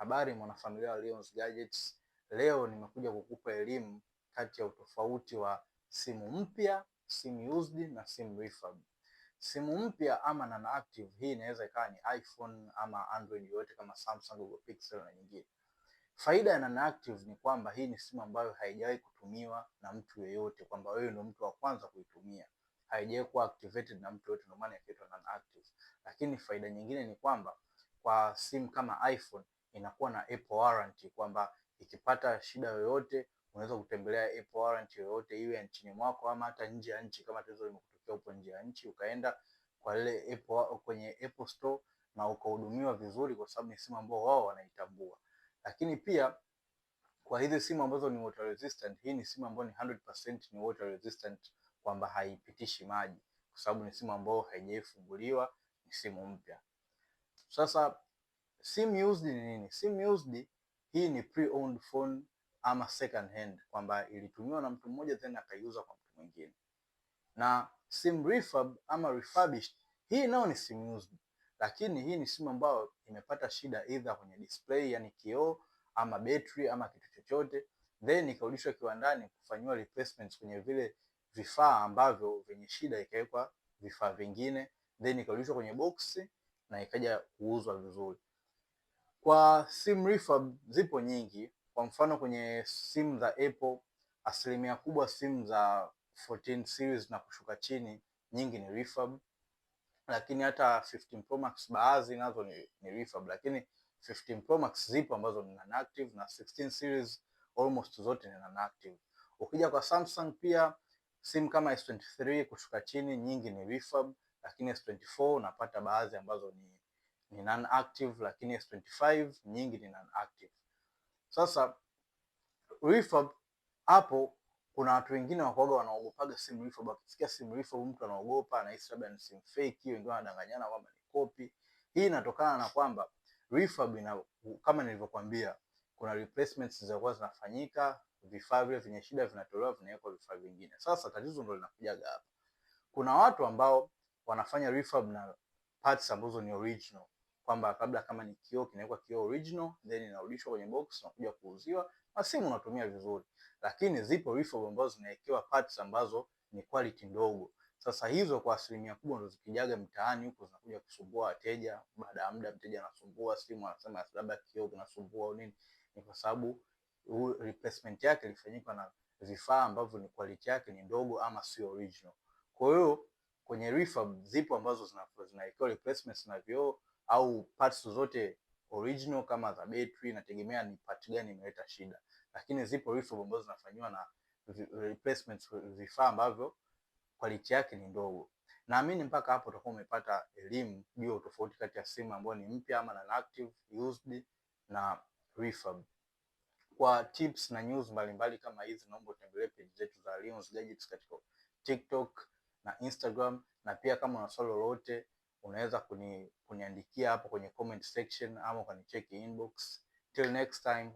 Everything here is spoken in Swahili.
Habari mwanafamilia wa Leon's Gadgets. Leo nimekuja kukupa elimu kati ya utofauti wa simu mpya, simu used na simu refurb. Simu mpya ama nana active, hii inaweza ikawa ni iPhone ama Android yoyote kama Samsung, Google Pixel na nyingine. Faida ya nana active ni kwamba hii ni simu ambayo haijawahi kutumiwa na mtu yeyote, kwamba wewe ndio mtu wa kwanza kuitumia. Haijawahi kuwa activated na mtu yeyote, ndio maana inaitwa nana active. Lakini faida nyingine ni kwamba kwa simu kama iPhone inakuwa na Apple warranty kwamba ikipata shida yoyote unaweza kutembelea Apple warranty yoyote iwe nchini mwako ama hata nje ya nchi, kama tatizo limetokea upo nje ya nchi ukaenda kwa ile Apple, kwenye Apple Store na ukahudumiwa vizuri, kwa sababu ni simu ambao wao wanaitambua. Lakini pia kwa hizi simu ambazo ni water resistant, hii ni simu ambayo ni 100% ni water resistant, kwamba haipitishi maji, kwa sababu ni simu ambayo haijaifunguliwa, ni simu mpya. Sasa Simu used ni nini? Simu used hii ni pre-owned phone ama second hand, kwamba ilitumiwa na mtu mmoja then akaiuza kwa mtu mwingine. Na sim refurb ama refurbished, hii nao ni sim used, lakini hii ni simu ambayo imepata shida either kwenye display, yani kioo ama battery ama kitu chochote, then ikarudishwa kiwandani kufanyiwa replacements kwenye vile vifaa ambavyo vyenye shida, ikawekwa vifaa vingine, then ikarudishwa kwenye boksi na ikaja kuuzwa vizuri. Kwa simu refurb zipo nyingi, kwa mfano kwenye simu za Apple asilimia kubwa simu za 14 series na kushuka chini nyingi ni refurb, lakini hata 15 Pro Max baadhi nazo ni, ni refurb, lakini 15 Pro Max zipo ambazo ni non-active na 16 series almost zote ni non-active. Ukija kwa Samsung pia simu kama S23 kushuka chini nyingi ni refurb, lakini S24 unapata baadhi ambazo ni ni non-active lakini S25 nyingi ni non-active. Sasa refurb hapo kuna watu wengine wakoga wanaogopaga simu refurb, akisikia simu refurb mtu anaogopa, anahisi labda ni simu fake, wengine wanadanganyana kwamba ni copy. Hii inatokana na kwamba refurb ina, kama nilivyokuambia kuna replacements zilizokuwa zinafanyika, vifaa vile vyenye shida vinatolewa, vinawekwa vifaa vingine. Sasa tatizo ndio linakujaga hapa, kuna watu ambao wanafanya refurb na parts ambazo ni original kwamba kabla kama ni kioo kinawekwa kioo original then inarudishwa kwenye box na kuja kuuziwa na simu unatumia vizuri, lakini zipo refurb ambazo zinawekewa parts ambazo ni quality ndogo. Sasa hizo kwa asilimia kubwa ndo zikijaga mtaani huko zinakuja kusumbua wateja. Baada ya muda mteja anasumbua simu, anasema labda kioo kinasumbua au nini, ni kwa sababu replacement yake ilifanyika na vifaa ambavyo ni quality yake ni ndogo ama sio original. Kwa hiyo kwenye refurb zipo ambazo zinawekewa replacements na vioo au parts zote original kama za betri, inategemea ni part gani imeleta shida, lakini zipo refurb ambazo zinafanywa na replacements vifaa ambavyo quality yake ni ndogo. Naamini mpaka hapo utakuwa umepata elimu juu ya utofauti kati ya simu ambayo ni mpya ama na active, used na refurb. Kwa tips na news mbalimbali mbali kama hizi, naomba utembelee page zetu za Leon's Gadgets katika TikTok na Instagram, na pia kama una swali lolote unaweza kuniandikia hapo kwenye comment section ama ukanicheki inbox. Till next time.